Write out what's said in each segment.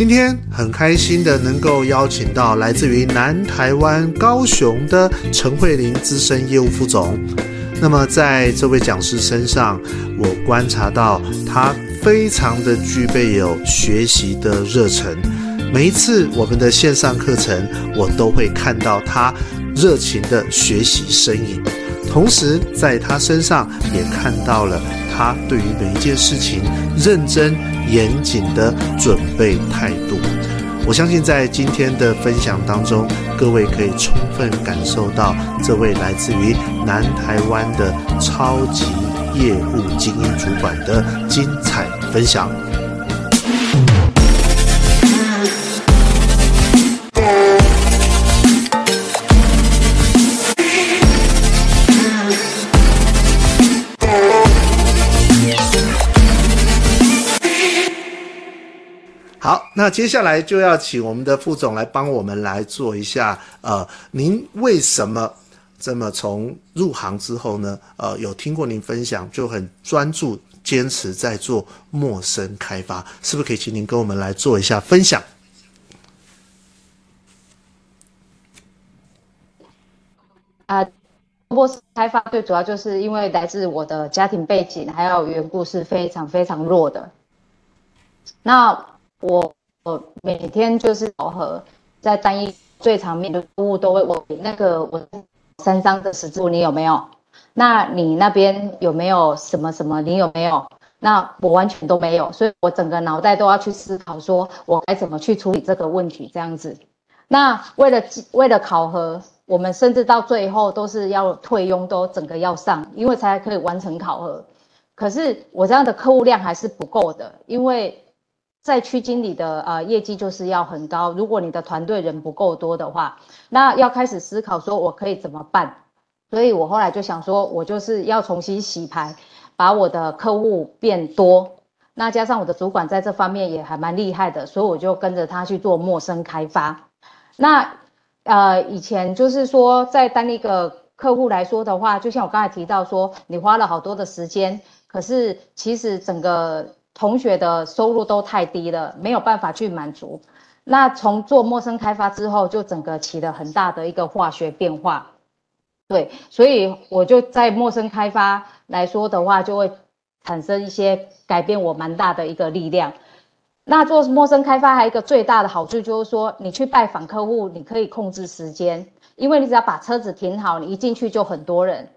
今天很開心的能夠邀請到來自於南台灣高雄的陳慧玲資深業務副總。那麼在這位講師身上，我觀察到他非常的具備有學習的熱忱。每一次我們的線上課程，我都會看到他熱情的學習身影。同時在他身上也看到了。他對於每一件事情認真嚴謹的準備態度，我相信在今天的分享當中，各位可以充分感受到這位來自於南台灣的超級業務精英主管的精彩分享。那接下來就要請我們的副總來幫我們來做一下，呃，您為什麼這麼從入行之後呢？呃，有聽過您分享，就很專注堅持在做陌生開發，是不是可以請您跟我們來做一下分享？啊、呃，陌生開發最主要就是因為來自我的家庭背景還有緣故是非常非常弱的。那我。我每天就是考核，在單一最常面的服務都會，我那個我三張的十字你有沒有？那你那邊有沒有什麼什麼？你有沒有？那我完全都沒有，所以我整個腦袋都要去思考，說我該怎麼去處理這個問題這樣子。那為了為了考核，我們甚至到最後都是要退佣，都整個要上，因為才可以完成考核。可是我這樣的客戶量還是不夠的，因為。在區經理的呃業績就是要很高，如果你的團隊人不夠多的話，那要開始思考說我可以怎麼辦。所以我後來就想說，我就是要重新洗牌，把我的客戶變多。那加上我的主管在這方面也還蠻厲害的，所以我就跟着他去做陌生開發。那呃，以前就是說在單一個客戶來說的話，就像我剛才提到說，你花了好多的時間，可是其實整個，同學的收入都太低了，沒有辦法去滿足。那從做陌生開發之後，就整個起了很大的一個化學變化。對，所以我就在陌生開發來說的話，就會產生一些改變，我蠻大的一個力量。那做陌生開發還有一個最大的好處就是說，你去拜訪客戶，你可以控制時間，因為你只要把車子停好，你一進去就很多人，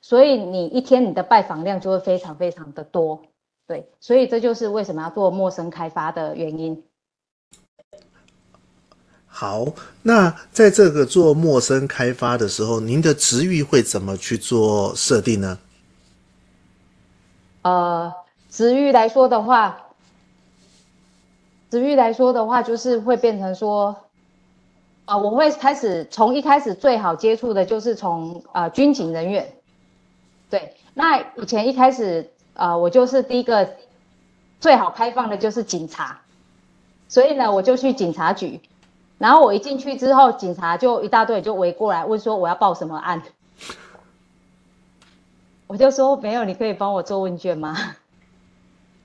所以你一天你的拜訪量就會非常非常的多。對，所以這就是為什麼要做陌生開發的原因。好，那在這個做陌生開發的時候，您的職域會怎麼去做設定呢？呃，職域來說的話，職域來說的話，就是會變成說，啊、呃，我會開始從一開始最好接觸的就是從啊、呃、軍警人員，對，那以前一開始。呃，我就是第一個最好開放的，就是警察，所以呢，我就去警察局，然後我一進去之後，警察就一大堆就圍過來問說，我要報什麼案。 我就說沒有，你可以幫我做問卷嗎？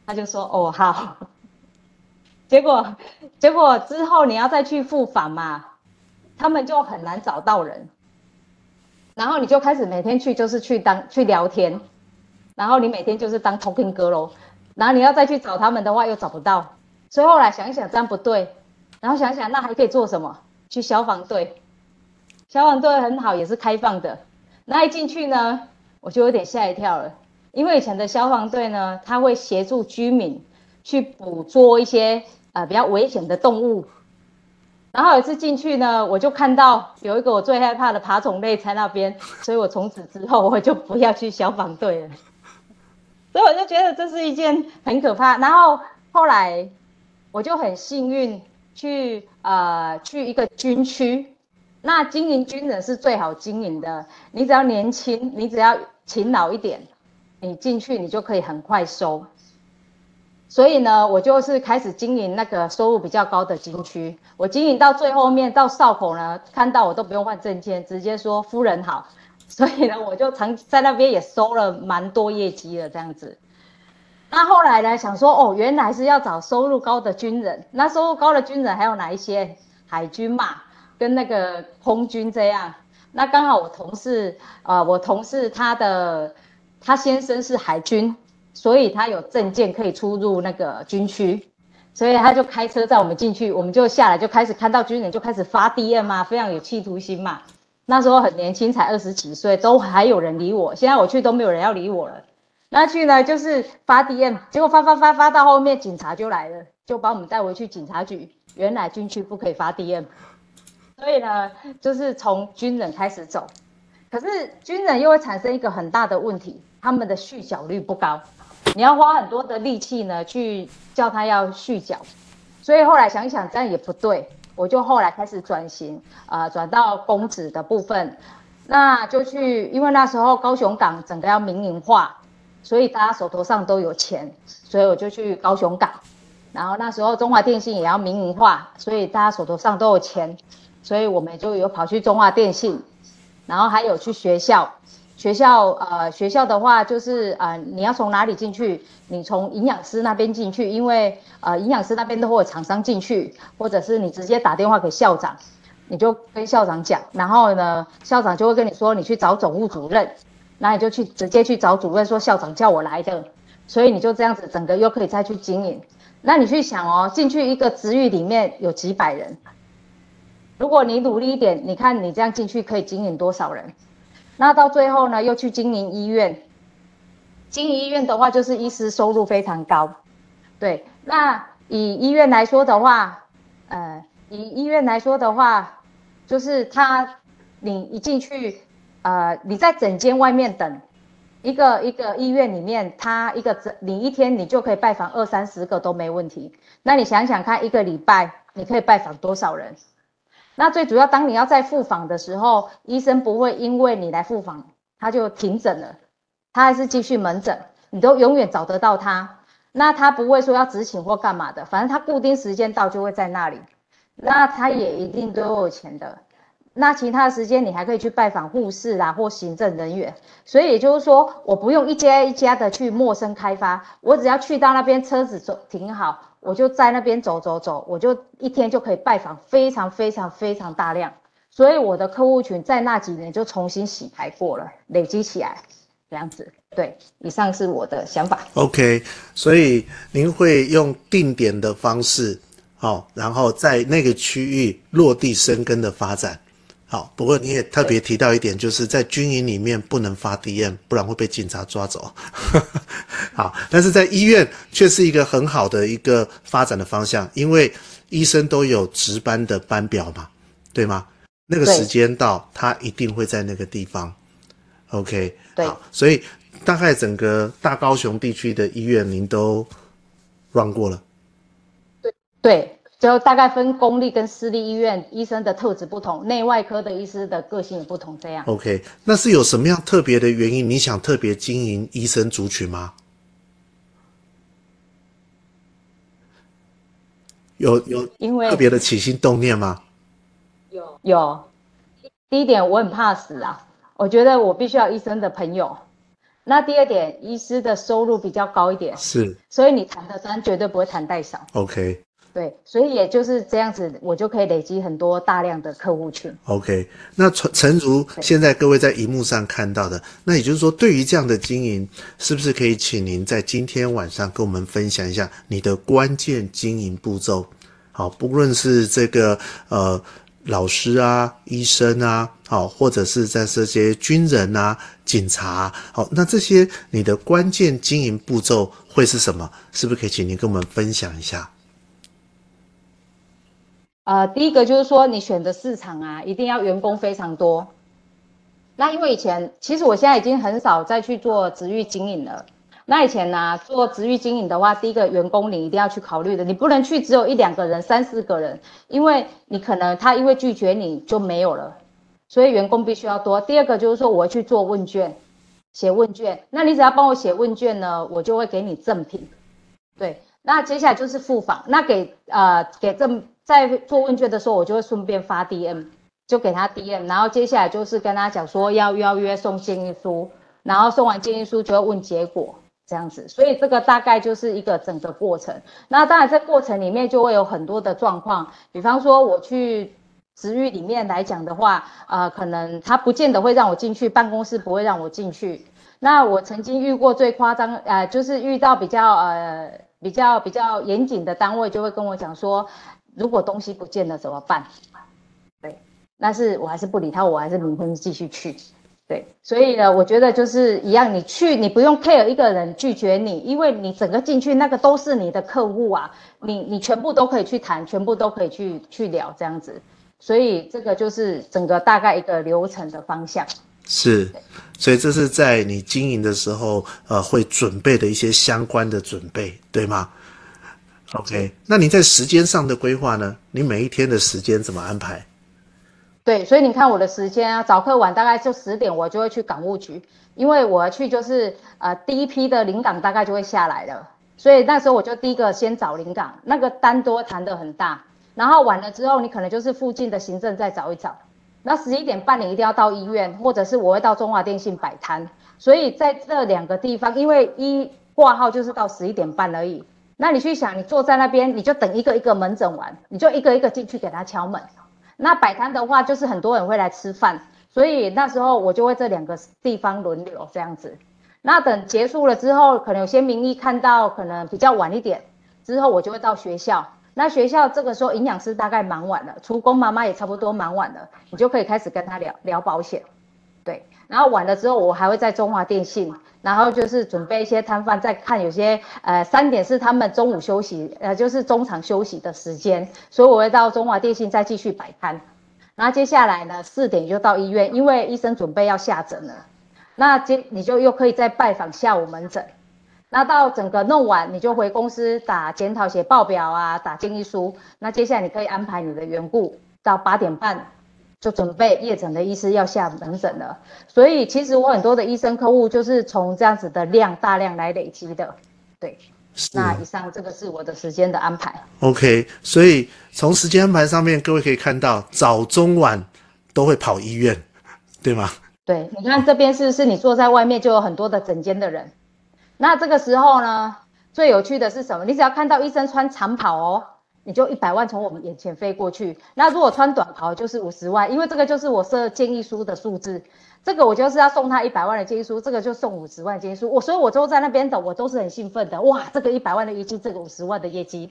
他就說哦好。結果結果之後你要再去複訪嘛，他們就很難找到人，然後你就開始每天去，就是去當去聊天。然後你每天就是當 talking girl 嘍，然後你要再去找他們的話又找不到，所以後來想一想這樣不對，然後想一想那還可以做什麼？去消防隊，消防隊很好，也是開放的。那一進去呢，我就有點嚇一跳了，因為以前的消防隊呢，他會協助居民去捕捉一些呃比較危險的動物。然後有一次進去呢，我就看到有一個我最害怕的爬蟲類在那邊，所以我從此之後我就不要去消防隊了。所以我就覺得這是一件很可怕，然後後來，我就很幸運去呃去一個軍區，那經營軍人是最好經營的。你只要年輕，你只要勤勞一點，你進去你就可以很快收。所以呢，我就是開始經營那個收入比較高的軍區。我經營到最後面到哨口呢，看到我都不用換證件，直接說夫人好。所以呢，我就常在那邊也收了蠻多業績的這樣子。那後來呢，想說哦，原來是要找收入高的軍人。那收入高的軍人還有哪一些？海軍嘛，跟那個空軍這樣。那剛好我同事啊、呃，我同事他的他先生是海軍，所以他有證件可以出入那個軍區，所以他就開車載我們進去，我們就下來就開始看到軍人，就開始發 DM 啊，非常有企圖心嘛。那時候很年輕，才二十幾歲，都還有人理我。現在我去都沒有人要理我了。那去呢，就是發 DM，結果發發發發到後面，警察就來了，就把我們帶回去警察局。原來軍區不可以發 DM，所以呢，就是從軍人開始走。可是軍人又會產生一個很大的問題，他們的續繳率不高，你要花很多的力氣呢，去叫他要續繳。所以後來想一想，這樣也不對。我就後來開始轉型，呃，轉到公職的部分，那就去，因為那時候高雄港整個要民營化，所以大家手頭上都有錢，所以我就去高雄港，然後那時候中華電信也要民營化，所以大家手頭上都有錢，所以我們就有跑去中華電信，然後還有去學校。學校呃，學校的話就是啊、呃，你要從哪裡進去？你從營養師那邊進去，因為呃，營養師那邊都會有廠商進去，或者是你直接打電話給校長，你就跟校長講，然後呢，校長就會跟你說，你去找總務主任，那你就去直接去找主任，說校長叫我來的，所以你就這樣子，整個又可以再去經營。那你去想哦，進去一個職域裡面有幾百人，如果你努力一點，你看你這樣進去可以經營多少人？那到最後呢，又去經營醫院。經營醫院的話，就是醫師收入非常高。對，那以醫院來說的話，呃，以醫院來說的話，就是他，你一進去，呃，你在診間外面等，一個一個醫院裡面，他一個診，你一天你就可以拜訪二三十個都沒問題。那你想想看，一個禮拜你可以拜訪多少人？那最主要，當你要再複訪的時候，醫生不會因為你來複訪他就停診了，他還是繼續門診，你都永遠找得到他。那他不會說要執行或幹嘛的，反正他固定時間到就會在那裡。那他也一定都有錢的。那其他的時間你還可以去拜訪護士啊或行政人員。所以也就是說，我不用一家一家的去陌生開發，我只要去到那邊車子坐停好。我就在那邊走走走，我就一天就可以拜訪非常非常非常大量，所以我的客戶群在那幾年就重新洗牌過了，累積起來這樣子。對，以上是我的想法。OK，所以您會用定點的方式，好、哦，然後在那個區域落地生根的發展。好，不過你也特別提到一點，就是在軍營裡面不能發 DM 對不然會被警察抓走。 好，但是在醫院卻是一個很好的一個發展的方向，因為醫生都有值班的班表嘛，對嗎？那個時間到，他一定會在那個地方。OK，對。Okay, 好對所以大概整個大高雄地區的醫院，您都 run 過了。對對。對就大概分公立跟私立醫院，醫生的特質不同，內外科的醫師的個性也不同。這樣，OK，那是有什麼樣特別的原因？你想特別經營醫生族群嗎？有有，因為特別的起心動念嗎？有有，第一點，我很怕死啊，我覺得我必須要醫生的朋友。那第二點，醫師的收入比較高一點，是，所以你談的，單絕對不會談太少。OK。對，所以也就是這樣子，我就可以累積很多大量的客戶群。OK，那誠誠如現在各位在螢幕上看到的，對那也就是說，對於這樣的經營，是不是可以請您在今天晚上跟我們分享一下你的關鍵經營步驟？好，不論是這個呃老師啊、醫生啊，好，或者是在這些軍人啊、警察啊，好，那這些你的關鍵經營步驟會是什麼？是不是可以請您跟我們分享一下？呃，第一個就是說，你選擇市場啊，一定要員工非常多。那因為以前，其實我現在已經很少再去做職域經營了。那以前呢、啊，做職域經營的話，第一個員工你一定要去考慮的，你不能去只有一兩個人、三四個人，因為你可能他因為拒絕你就沒有了。所以員工必須要多。第二個就是說我去做問卷，寫問卷，那你只要幫我寫問卷呢，我就會給你贈品。對，那接下來就是複訪，那給呃給贈。在做問卷的時候，我就會順便發 DM，就給他 DM，然後接下來就是跟他講說要邀約，約送建議書，然後送完建議書就要問結果，這樣子。所以這個大概就是一個整個過程。那當然，這過程裡面就會有很多的狀況，比方說我去職域裡面來講的話，呃，可能他不見得會讓我進去辦公室，不會讓我進去。那我曾經遇過最誇張，呃，就是遇到比較呃比較比較嚴謹的單位，就會跟我講說。如果東西不見了怎麼辦？對，但是我還是不理他，我還是明天繼續去。對，所以呢，我覺得就是一樣，你去你不用 care 一個人拒絕你，因為你整個進去那個都是你的客戶啊，你你全部都可以去談，全部都可以去去聊這樣子。所以這個就是整個大概一個流程的方向。是，對所以這是在你經營的時候呃會準備的一些相關的準備，對嗎？OK，那你在時間上的規劃呢？你每一天的時間怎麼安排？對，所以你看我的時間啊，早課晚大概就十點，我就會去港務局，因為我要去就是呃第一批的領港，大概就會下來了，所以那時候我就第一個先找領港，那個單多談得很大。然後晚了之後，你可能就是附近的行政再找一找。那十一點半你一定要到醫院，或者是我會到中華電信擺攤。所以在這兩個地方，因為一掛號就是到十一點半而已。那你去想，你坐在那邊，你就等一個一個門診完，你就一個一個進去給他敲門。那擺攤的話，就是很多人會來吃飯，所以那時候我就會這兩個地方輪流這樣子。那等結束了之後，可能有些名醫看到可能比較晚一點，之後我就會到學校。那學校這個時候營養師大概忙完了，廚工媽媽也差不多忙完了，你就可以開始跟他聊聊保險。對，然後晚了之後，我還會在中華電信。然後就是準備一些攤販再看，有些呃三點是他們中午休息，呃就是中場休息的時間，所以我會到中華電信再繼續擺攤。然後接下來呢，四點就到醫院，因為醫生準備要下診了，那接你就又可以再拜訪下午門診。那到整個弄完，你就回公司打檢討、寫報表啊，打建議書。那接下來你可以安排你的緣故到八點半。就準備夜診的意思，醫師要下門診了，所以其實我很多的醫生客戶就是從這樣子的量大量來累積的，對。是哦、那以上這個是我的時間的安排。OK，所以從時間安排上面，各位可以看到早中晚都會跑醫院，對嗎？對，你看這邊是不是你坐在外面就有很多的診間的人？嗯、那這個時候呢，最有趣的是什麼？你只要看到醫生穿長袍哦。你就一百萬從我們眼前飛過去，那如果穿短袍就是五十萬，因為這個就是我設建議書的數字，這個我就是要送他一百萬的建議書，這個就送五十萬建議書，我所以我都在那邊等，我都是很興奮的，哇，這個一百萬的業績，這個五十萬的業績，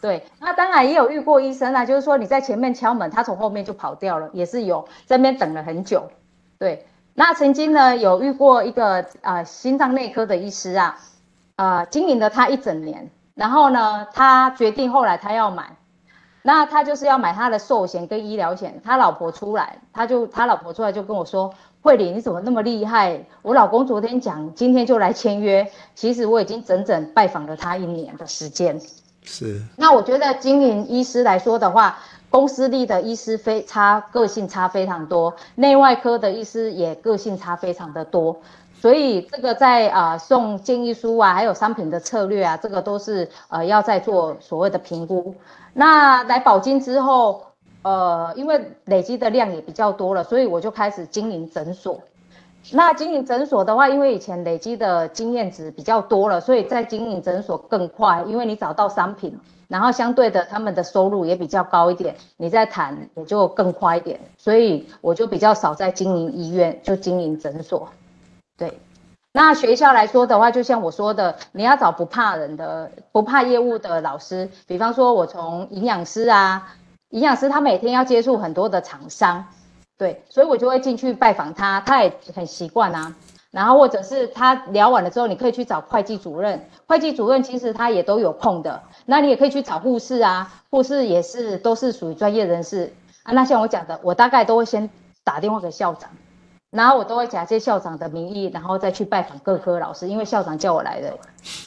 對，那當然也有遇過醫生啊，就是說你在前面敲門，他從後面就跑掉了，也是有在那邊等了很久，對，那曾經呢有遇過一個啊、呃、心臟內科的醫師啊、呃，啊經營了他一整年。然後呢，他決定後來他要買，那他就是要買他的壽險跟醫療險。他老婆出來，他就他老婆出來就跟我說：“慧玲，你怎麼那麼厲害？我老公昨天講，今天就來簽約。其實我已經整整拜訪了他一年的時間。”是。那我覺得，經營醫師來說的話，公司裡的醫師非差個性差非常多，內外科的醫師也個性差非常的多。所以這個在啊、呃、送建議書啊，還有商品的策略啊，這個都是呃要再做所謂的評估。那來保金之後，呃，因為累積的量也比較多了，所以我就開始經營診所。那經營診所的話，因為以前累積的經驗值比較多了，所以在經營診所更快，因為你找到商品，然後相對的他們的收入也比較高一點，你再談也就更快一點。所以我就比較少在經營醫院，就經營診所。對，那學校來說的話，就像我說的，你要找不怕人的，不怕業務的老師。比方說，我從營養師啊，營養師他每天要接觸很多的廠商，對，所以我就會進去拜訪他，他也很習慣啊。然後或者是他聊完了之後，你可以去找會計主任，會計主任其實他也都有空的，那你也可以去找護士啊，護士也是都是屬於專業人士啊。那像我講的，我大概都會先打電話給校長。然後我都會假借校長的名義，然後再去拜訪各科老師，因為校長叫我來的，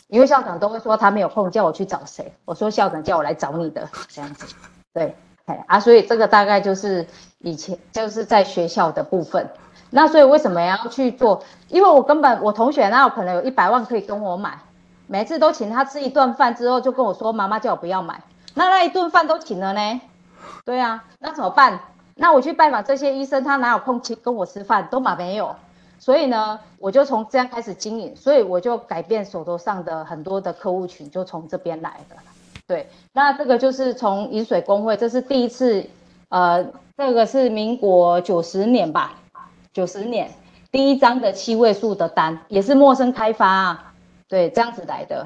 因為校長都會說他沒有空，叫我去找誰，我說，校長叫我來找你的，這樣子。對，啊，所以這個大概就是以前就是在學校的部分。那所以為什麼要去做？因為我根本我同學那有可能有一百萬可以跟我買，每次都請他吃一頓飯之後，就跟我說，媽媽叫我不要買，那那一頓飯都請了呢？對啊，那怎麼辦？那我去拜訪這些醫生，他哪有空去跟我吃飯，都嘛沒有。所以呢，我就從這樣開始經營，所以我就改變手頭上的很多的客戶群，就從這邊來的。對，那這個就是從飲水工會，這是第一次，呃，這個是民國九十年吧，九十年第一張的七位數的單，也是陌生開發，對，這樣子來的。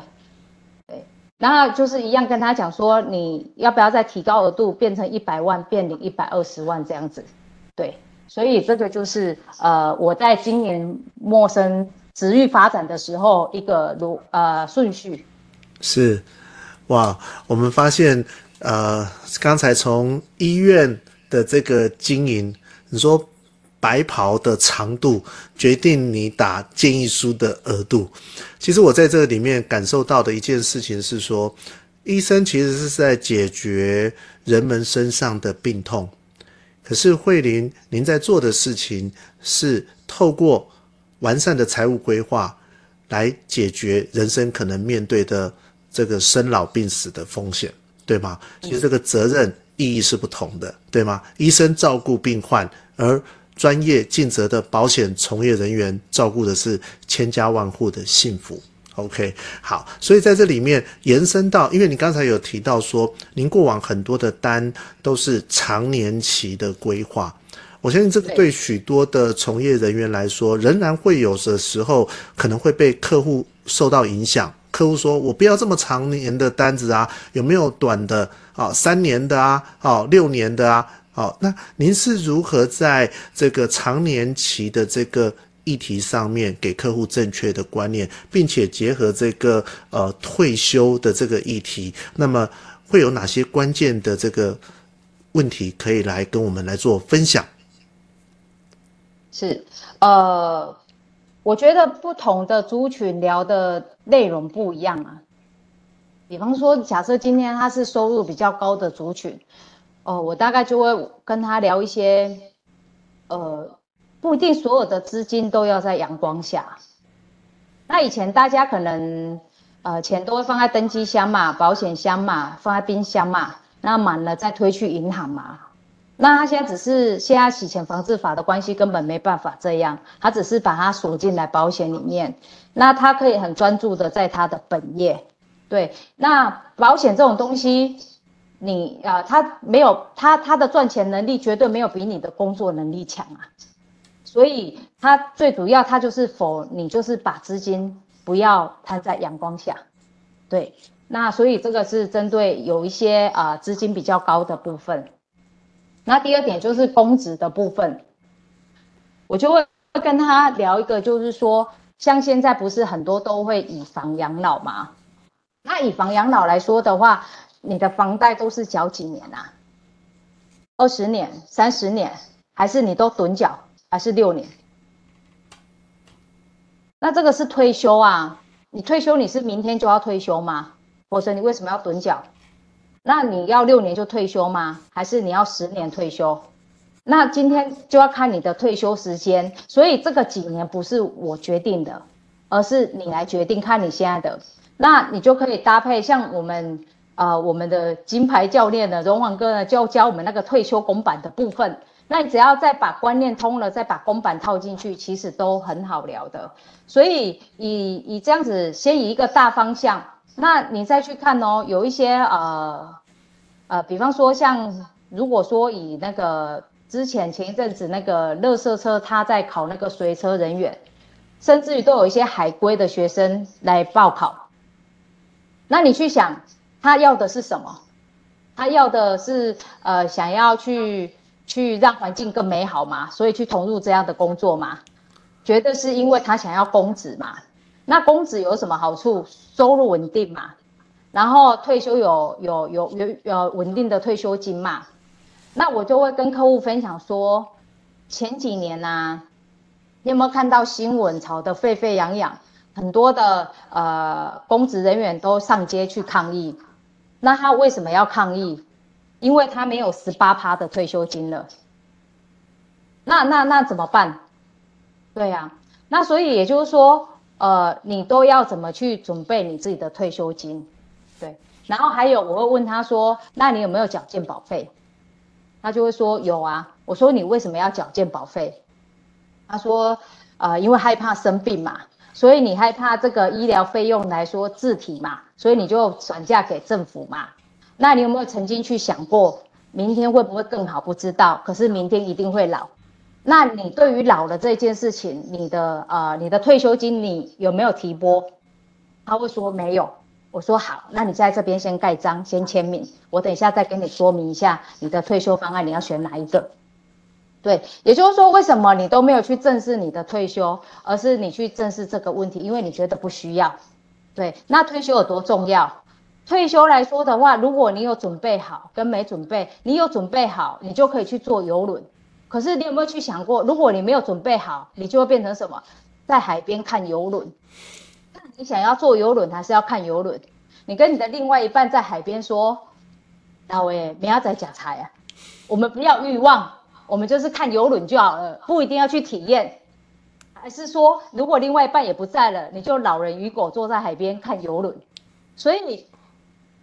然後就是一樣跟他講說，你要不要再提高額度，變成一百萬，變領一百二十萬這樣子，對，所以這個就是呃我在經營陌生職域發展的時候一個羅呃順序，是，哇，我們發現呃剛才從醫院的這個經營，你說。白袍的長度決定你打建議書的額度。其實我在這個裡面感受到的一件事情是說，醫生其實是在解決人們身上的病痛，可是慧玲，您在做的事情是透過完善的財務規劃來解決人生可能面對的這個生老病死的風險，對嗎？嗯。其實這個責任意義是不同的，對嗎？醫生照顧病患，而專業盡責的保險從業人員照顧的是千家萬戶的幸福。OK，好，所以在這裡面延伸到，因為你剛才有提到說，您過往很多的單都是長年期的規劃，我相信這個對許多的從業人員來說，對仍然會有的時候可能會被客戶受到影響。客戶說我不要這麼長年的單子啊，有沒有短的啊？三年的啊？啊，六年的啊？好，那您是如何在這個長年期的這個議題上面給客戶正確的觀念，並且結合這個呃退休的這個議題，那麼會有哪些關鍵的這個問題可以來跟我們來做分享？是，呃，我覺得不同的族群聊的內容不一樣啊。比方說，假設今天他是收入比較高的族群。哦，我大概就會跟他聊一些，呃，不一定所有的資金都要在陽光下。那以前大家可能，呃，錢都會放在登機箱嘛、保險箱嘛、放在冰箱嘛，那滿了再推去銀行嘛。那他現在只是現在洗錢防治法的關係，根本沒辦法這樣，他只是把它鎖進來保險裡面。那他可以很專注的在他的本業，對，那保險這種東西。你啊、呃，他沒有他他的賺錢能力絕對沒有比你的工作能力強啊，所以他最主要他就是否你就是把資金不要攤在陽光下，對，那所以這個是針對有一些呃資金比較高的部分。那第二點就是工資的部分，我就會跟他聊一個，就是說像現在不是很多都會以房養老嗎？那以房養老來說的話。你的房貸都是繳幾年啊？二十年、三十年，還是你都躉繳？還是六年？那這個是退休啊？你退休你是明天就要退休嗎？否則，你為什麼要躉繳？那你要六年就退休嗎？還是你要十年退休？那今天就要看你的退休時間，所以這個幾年不是我決定的，而是你來決定，看你現在的，那你就可以搭配像我們。啊、呃，我們的金牌教練呢，榮煌哥呢，就教我們那個退休公版的部分。那你只要再把觀念通了，再把公版套進去，其實都很好聊的。所以以以這樣子，先以一個大方向，那你再去看哦，有一些呃呃，比方說像如果說以那個之前前一陣子那個垃圾車，他在考那個隨車人員，甚至於都有一些海歸的學生來報考，那你去想。他要的是什麼？他要的是呃，想要去去讓環境更美好嘛，所以去投入這樣的工作嘛。覺得是因為他想要公職嘛？那公職有什麼好處？收入穩定嘛？然後退休有有有有有穩定的退休金嘛？那我就會跟客戶分享說，前幾年啊，你有沒有看到新聞吵得沸沸揚揚，很多的呃，公職人員都上街去抗議。那他為什麼要抗議？因為他沒有十八趴的退休金了。那那那怎麼辦？對呀、啊，那所以也就是說，呃，你都要怎麼去準備你自己的退休金？對，然後還有我會問他說，那你有沒有繳健保費？他就會說有啊。我說你為什麼要繳健保費？他說，呃，因為害怕生病嘛。所以你害怕這個醫療費用來說自體嘛，所以你就轉嫁給政府嘛。那你有沒有曾經去想過，明天會不會更好？不知道，可是明天一定會老。那你對於老的這件事情，你的呃，你的退休金你有沒有提撥？他會說沒有。我說好，那你在這邊先蓋章，先簽名。我等一下再跟你說明一下你的退休方案，你要選哪一個？對，也就是說，為什麼你都沒有去正視你的退休，而是你去正視這個問題？因為你覺得不需要。對，那退休有多重要？退休來說的話，如果你有準備好跟沒準備，你有準備好，你就可以去坐郵輪。可是你有沒有去想過，如果你沒有準備好，你就會變成什麼？在海邊看郵輪。那你想要坐郵輪，還是要看郵輪？你跟你的另外一半在海邊說：“大喂，不要再講財啊，我們不要慾望。”我們就是看遊輪就好了，不一定要去體驗。還是說，如果另外一半也不在了，你就老人與狗坐在海邊看遊輪？所以，你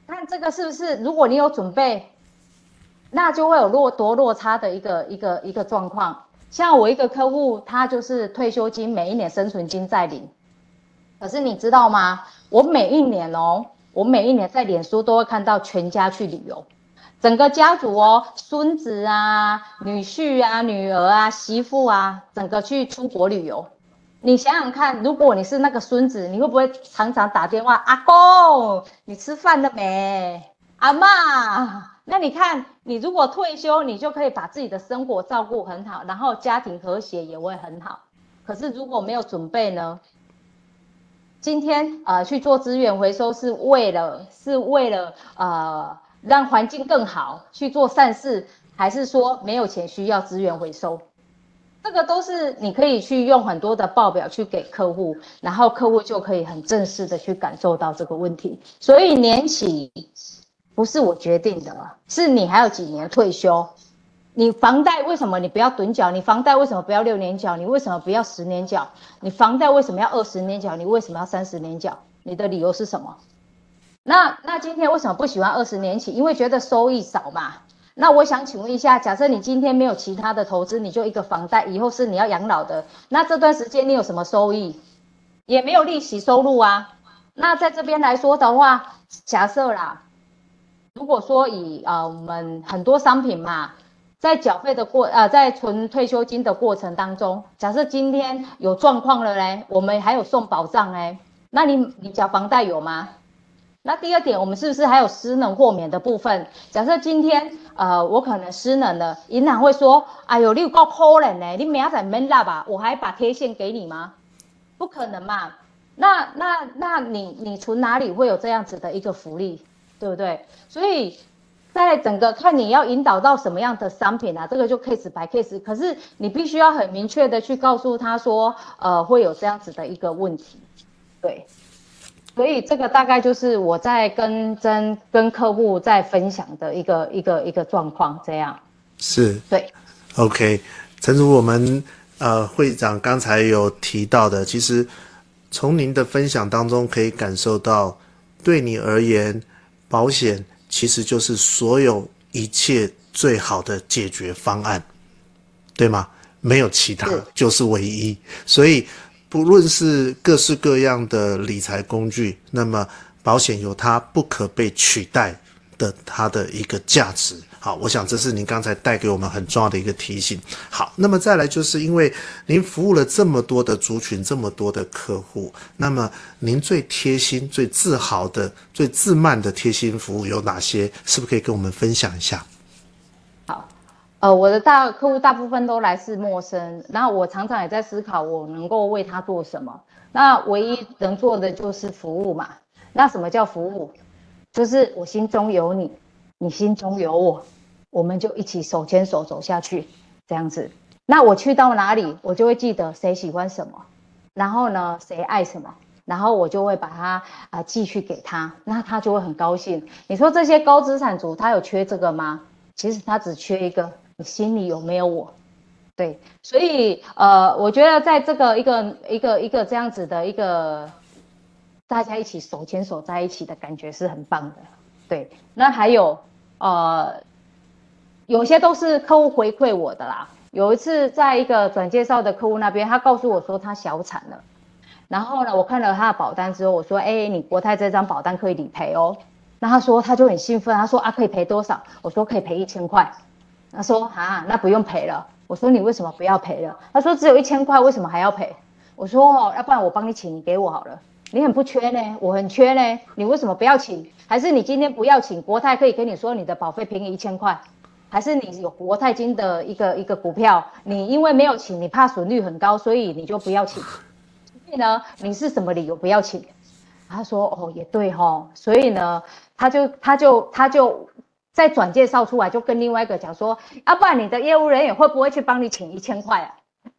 看這個是不是？如果你有準備，那就會有落多落差的一個一個一個狀況。像我一個客戶，他就是退休金每一年生存金在領，可是你知道嗎？我每一年哦、喔，我每一年在臉書都會看到全家去旅遊。整個家族哦，孫子啊、女婿啊、女兒啊、媳婦啊，整個去出國旅遊，你想想看，如果你是那個孫子，你會不會常常打電話？阿公，你吃飯了沒？阿媽，那你看，你如果退休，你就可以把自己的生活照顧很好，然後家庭和諧也會很好。可是如果沒有準備呢？今天呃，去做資源回收是為了，是為了呃。讓環境更好、去做善事，還是說沒有錢需要資源回收？這、那個都是你可以去用很多的報表去給客戶，然後客戶就可以很正式的去感受到這個問題。所以年期不是我決定的，是你還有幾年退休？你房貸為什麼你不要躉繳？你房貸為什麼不要六年繳？你為什麼不要十年繳？你房貸為什麼要二十年繳？你為什麼要三十年繳？你的理由是什麼？那那今天為什麼不喜歡二十年起？因為覺得收益少嘛。那我想請問一下，假設你今天沒有其他的投資，你就一個房貸，以後是你要養老的。那這段時間你有什麼收益？也沒有利息收入啊。那在這邊來說的話，假設啦，如果說以呃我們很多商品嘛，在繳費的過呃在存退休金的過程當中，假設今天有狀況了嘞，我們還有送保障嘞。那你你繳房貸有嗎？那第二點，我們是不是還有失能豁免的部分？假設今天，呃，我可能失能了，銀行會說，哎呦，你有夠可憐呢、欸，你苗仔沒辣吧？我還把貼現給你嗎？不可能嘛？那那那你你從哪裡會有這樣子的一個福利，對不對？所以在整個看你要引導到什麼樣的商品啊，這個就 case by case，可是你必須要很明確的去告訴他說，呃，會有這樣子的一個問題，對。所以這個大概就是我在跟真跟客戶在分享的一個一個一個狀況，這樣是，對，OK，陳總，我們呃會長剛才有提到的，其實從您的分享當中可以感受到，對你而言，保險其實就是所有一切最好的解決方案，對嗎？沒有其他，是就是唯一，所以。不論是各式各樣的理財工具，那麼保險有它不可被取代的它的一個價值。好，我想這是您剛才帶給我們很重要的一個提醒。好，那麼再來就是因為您服務了這麼多的族群，這麼多的客戶，那麼您最貼心、最自豪的、最自慢的貼心服務有哪些？是不是可以跟我們分享一下？呃，我的大客戶大部分都來自陌生，那我常常也在思考，我能夠為他做什麼？那唯一能做的就是服務嘛。那什麼叫服務？就是我心中有你，你心中有我，我們就一起手牽手走下去，這樣子。那我去到哪裡，我就會記得誰喜歡什麼，然後呢，誰愛什麼，然後我就會把它啊寄去給他，那他就會很高興。你說這些高資產族，他有缺這個嗎？其實他只缺一個。心裡有沒有我？對，所以呃，我覺得在這個一個一個一個這樣子的一個，大家一起手牽手在一起的感覺是很棒的。對，那還有呃，有些都是客戶回饋我的啦。有一次在一個轉介紹的客戶那邊，他告訴我說他小產了，然後呢，我看了他的保單之後，我說：“哎，你國泰這張保單可以理賠哦。”那他說他就很興奮，他說：“啊，可以賠多少？”我說：“可以賠一千塊。”他說：啊，那不用賠了。我說：你為什麼不要賠了？他說：只有一千塊，為什麼還要賠？我說：哦，要不然我幫你請，你給我好了。你很不缺呢，我很缺呢，你為什麼不要請？還是你今天不要請，國泰可以跟你說你的保費便宜一千塊？還是你有國泰金的一個一個股票？你因為沒有請，你怕損率很高，所以你就不要請。所以呢，你是什麼理由不要請？他說：哦，也對齁。所以呢，他就他就他就。他就他就再轉介紹出來，就跟另外一個講說、啊，要不然你的業務人員會不會去幫你請一千塊啊？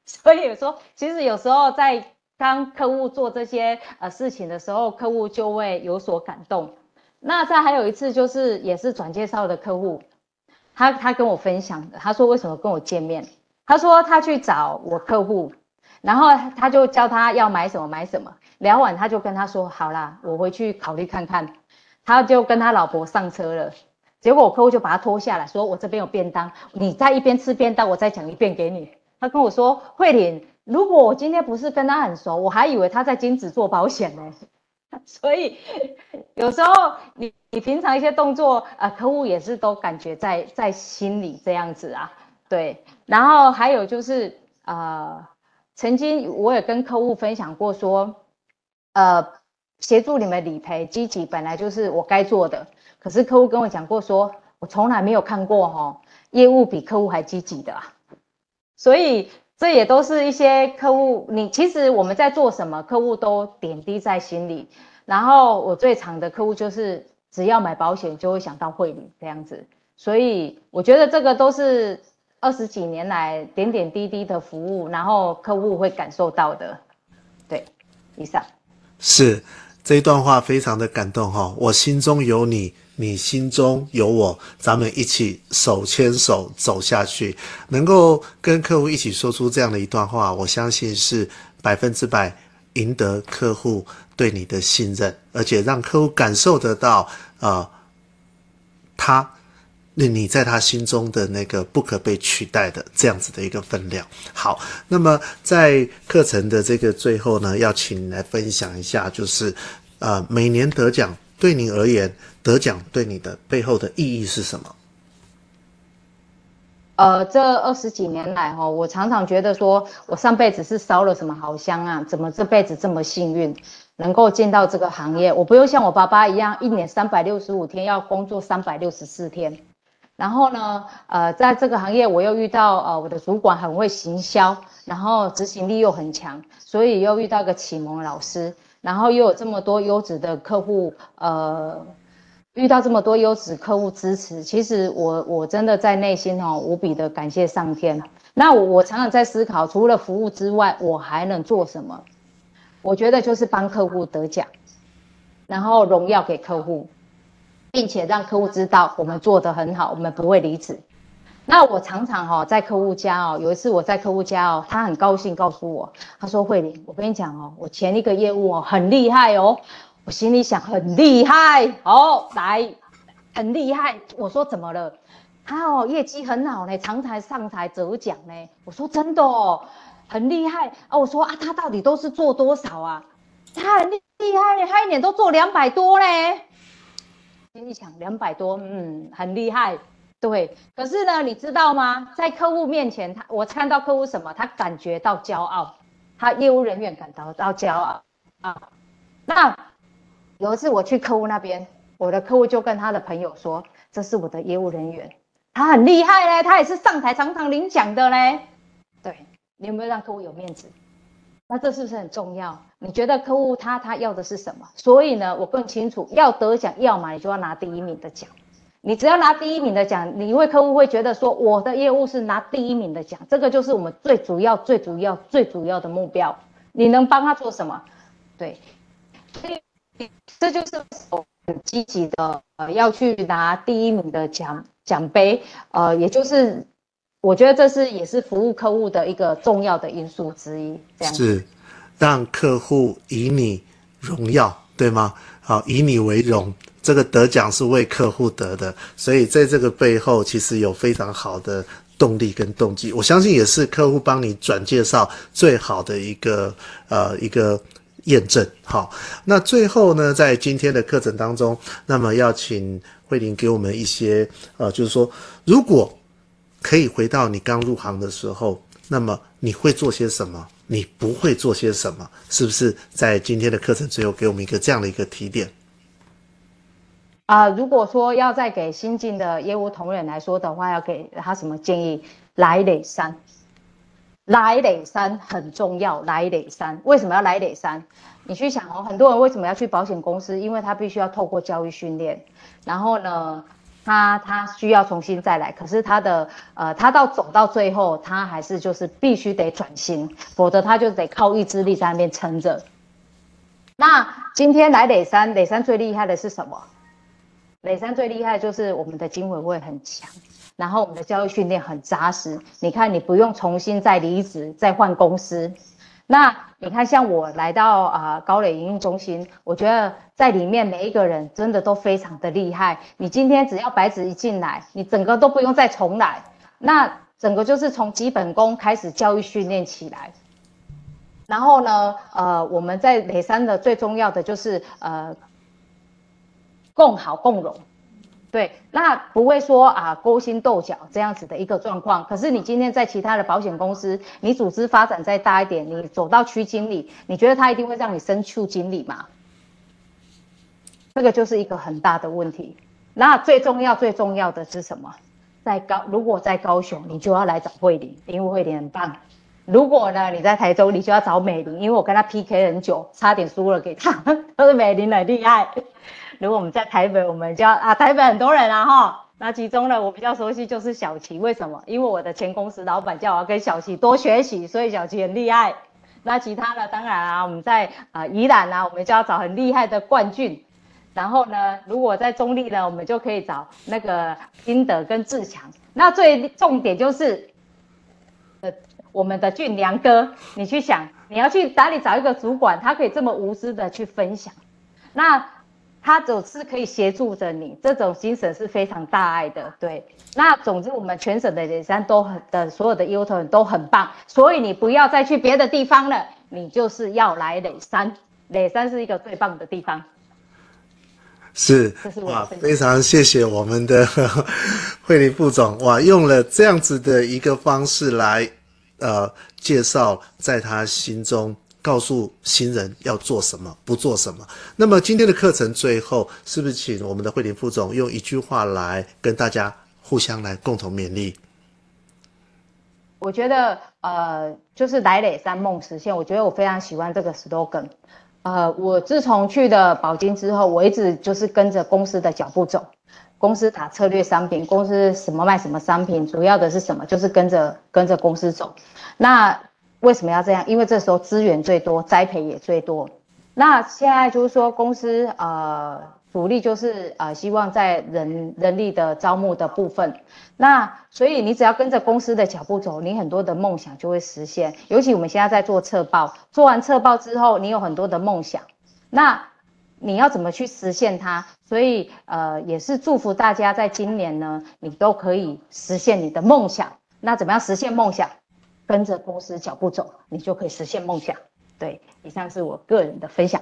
所以有時候其實有時候在當客戶做這些呃事情的時候，客戶就會有所感動。那再還有一次，就是也是轉介紹的客戶，他他跟我分享，他說為什麼跟我見面？他說他去找我客戶，然後他就叫他要買什麼買什麼。聊完他就跟他說，好啦，我回去考慮看看。他就跟他老婆上車了。結果我客戶就把他拖下來，說我這邊有便當，你在一邊吃便當，我再講一遍給你。他跟我說，慧玲，如果我今天不是跟他很熟，我還以為他在兼職做保險呢。所以有時候你你平常一些動作、呃，客戶也是都感覺在在心裡這樣子啊，對。然後還有就是，呃，曾經我也跟客戶分享過說，呃。協助你們理賠，積極本來就是我該做的。可是客戶跟我講過說，說我從來沒有看過哦，業務比客戶還積極的啊。所以這也都是一些客戶，你其實我們在做什麼，客戶都點滴在心裡。然後我最長的客戶就是只要買保險就會想到慧玲這樣子。所以我覺得這個都是二十幾年來點點滴滴的服務，然後客戶會感受到的。對，以上是。這一段話非常的感動哈，我心中有你，你心中有我，咱們一起手牽手走下去，能夠跟客戶一起說出這樣的一段話，我相信是百分之百贏得客戶對你的信任，而且讓客戶感受得到啊、呃，他。你你，在他心中的那個不可被取代的這樣子的一個分量。好，那麼在課程的這個最後呢，要請你來分享一下，就是，呃，每年得獎對你而言，得獎對你的背後的意義是什麼？呃，這二十幾年來哈，我常常覺得說，我上輩子是燒了什麼好香啊？怎麼這輩子這麼幸運，能夠進到這個行業？我不用像我爸爸一樣，一年三百六十五天要工作三百六十四天。然後呢，呃，在這個行業我又遇到呃我的主管很會行銷，然後執行力又很強，所以又遇到個啟蒙老師，然後又有這麼多優質的客戶，呃，遇到這麼多優質客戶支持，其實我我真的在內心哈、哦、無比的感謝上天。那我，我常常在思考，除了服務之外，我還能做什麼？我覺得就是幫客戶得獎，然後榮耀給客戶。並且讓客戶知道我們做得很好，我們不會離職。那我常常哈、喔、在客戶家哦、喔，有一次我在客戶家哦、喔，他很高興告訴我，他說慧玲，我跟你講哦，我前一個業務哦、喔、很厲害哦、喔。我心裡想很厲害哦，好，來很厲害。我說怎麼了？他哦、喔、業績很好嘞、欸，常常上台得獎嘞。我說真的哦、喔，很厲害啊。我說啊，他到底都是做多少啊？他很厲害，他一年都做兩百多嘞。一獎兩百多，嗯，很厲害，對。可是呢，你知道嗎？在客戶面前，他我看到客戶什麼，他感覺到驕傲，他業務人員感到到驕傲。啊，那有一次我去客戶那邊，我的客戶就跟他的朋友說：“這是我的業務人員，他很厲害嘞，他也是上台常常領獎的嘞。”對，你有沒有讓客戶有面子？那這是不是很重要？你覺得客戶他他要的是什麼？所以呢，我更清楚要得獎要嘛，你就要拿第一名的獎。你只要拿第一名的獎，你會客戶會覺得說，我的業務是拿第一名的獎，這個就是我們最主要、最主要、最主要的目標。你能幫他做什麼？對，所以這就是我很積極的，呃，要去拿第一名的獎獎盃。呃，也就是我覺得這是也是服務客戶的一個重要的因素之一。這樣子。是。讓客戶以你榮耀，對嗎？好，以你為榮，這個得獎是為客戶得的，所以在這個背後其實有非常好的動力跟動機。我相信也是客戶幫你轉介紹最好的一個呃一個驗證。好，那最後呢，在今天的課程當中，那麼要請慧玲給我們一些呃，就是說，如果可以回到你剛入行的時候，那麼你會做些什麼？你不會做些什麼？是不是在今天的課程最後給我們一個這樣的一個提點？啊、呃，如果說要再給新進的業務同仁來說的話，要給他什麼建議？來得三，來得三很重要，來得三。為什麼要來得三？你去想哦，很多人為什麼要去保險公司？因為他必須要透過教育訓練，然後呢？他他需要重新再來，可是他的呃，他到走到最後，他還是就是必須得轉型，否則他就得靠意志力在那邊撐着。那今天來磊山，磊山最厲害的是什麼？磊山最厲害的就是我們的經緯會很強，然後我們的教育訓練很扎實。你看，你不用重新再離職，再換公司。那你看，像我來到啊、呃、高磊營運中心，我覺得在裡面每一個人真的都非常的厲害。你今天只要白紙一進來，你整個都不用再重來，那整個就是從基本功開始教育訓練起來。然後呢，呃，我們在磊山的最重要的就是呃，共好共榮。對，那不會說啊勾心鬥角這樣子的一個狀況。可是你今天在其他的保險公司，你組織發展再大一點，你走到區經理，你覺得他一定會讓你升區經理嗎？這個就是一個很大的問題。那最重要最重要的是什麼？在高，如果在高雄，你就要來找慧玲，因為慧玲很棒。如果呢，你在台中，你就要找美玲，因為我跟她 PK 很久，差點輸了給她，都說美玲很厲害。如果我們在台北，我們就要啊，台北很多人啊，哈。那其中呢，我比較熟悉就是小齊，為什麼？因為我的前公司老闆叫我要跟小齊多學習，所以小齊很厲害。那其他的當然啊，我們在、呃、宜蘭啊宜蘭啊，我們就要找很厲害的冠軍。然後呢，如果在中立呢，我們就可以找那個金德跟志強。那最重點就是，呃，我們的俊良哥，你去想，你要去哪裡找一個主管，他可以這麼無私的去分享，那。他總是可以協助着你，這種精神是非常大愛的。對，那總之我們全省的磊山都很的所有的 U 人都很棒，所以你不要再去別的地方了，你就是要來磊山，磊山是一個最棒的地方。是，哇，這是我非常謝謝我們的呵呵慧玲副總哇，用了這樣子的一個方式來，呃，介紹在他心中。告訴新人要做什麼，不做什麼。那麼今天的課程最後，是不是請我們的慧玲副總用一句話來跟大家互相來共同勉勵？我覺得，呃，就是來磊山夢實現。我覺得我非常喜歡這個 slogan。呃，我自從去的保經之後，我一直就是跟着公司的腳步走。公司打策略商品，公司什麼賣什麼商品，主要的是什麼，就是跟着跟着公司走。那。為什麼要這樣？因為這時候資源最多，栽培也最多。那現在就是說，公司呃，主力就是呃，希望在人人力的招募的部分。那所以你只要跟着公司的腳步走，你很多的夢想就會實現。尤其我們現在在做測報，做完測報之後，你有很多的夢想。那你要怎麼去實現它？所以呃，也是祝福大家在今年呢，你都可以實現你的夢想。那怎麼樣實現夢想？跟着公司腳步走，你就可以實現夢想。對，以上是我個人的分享。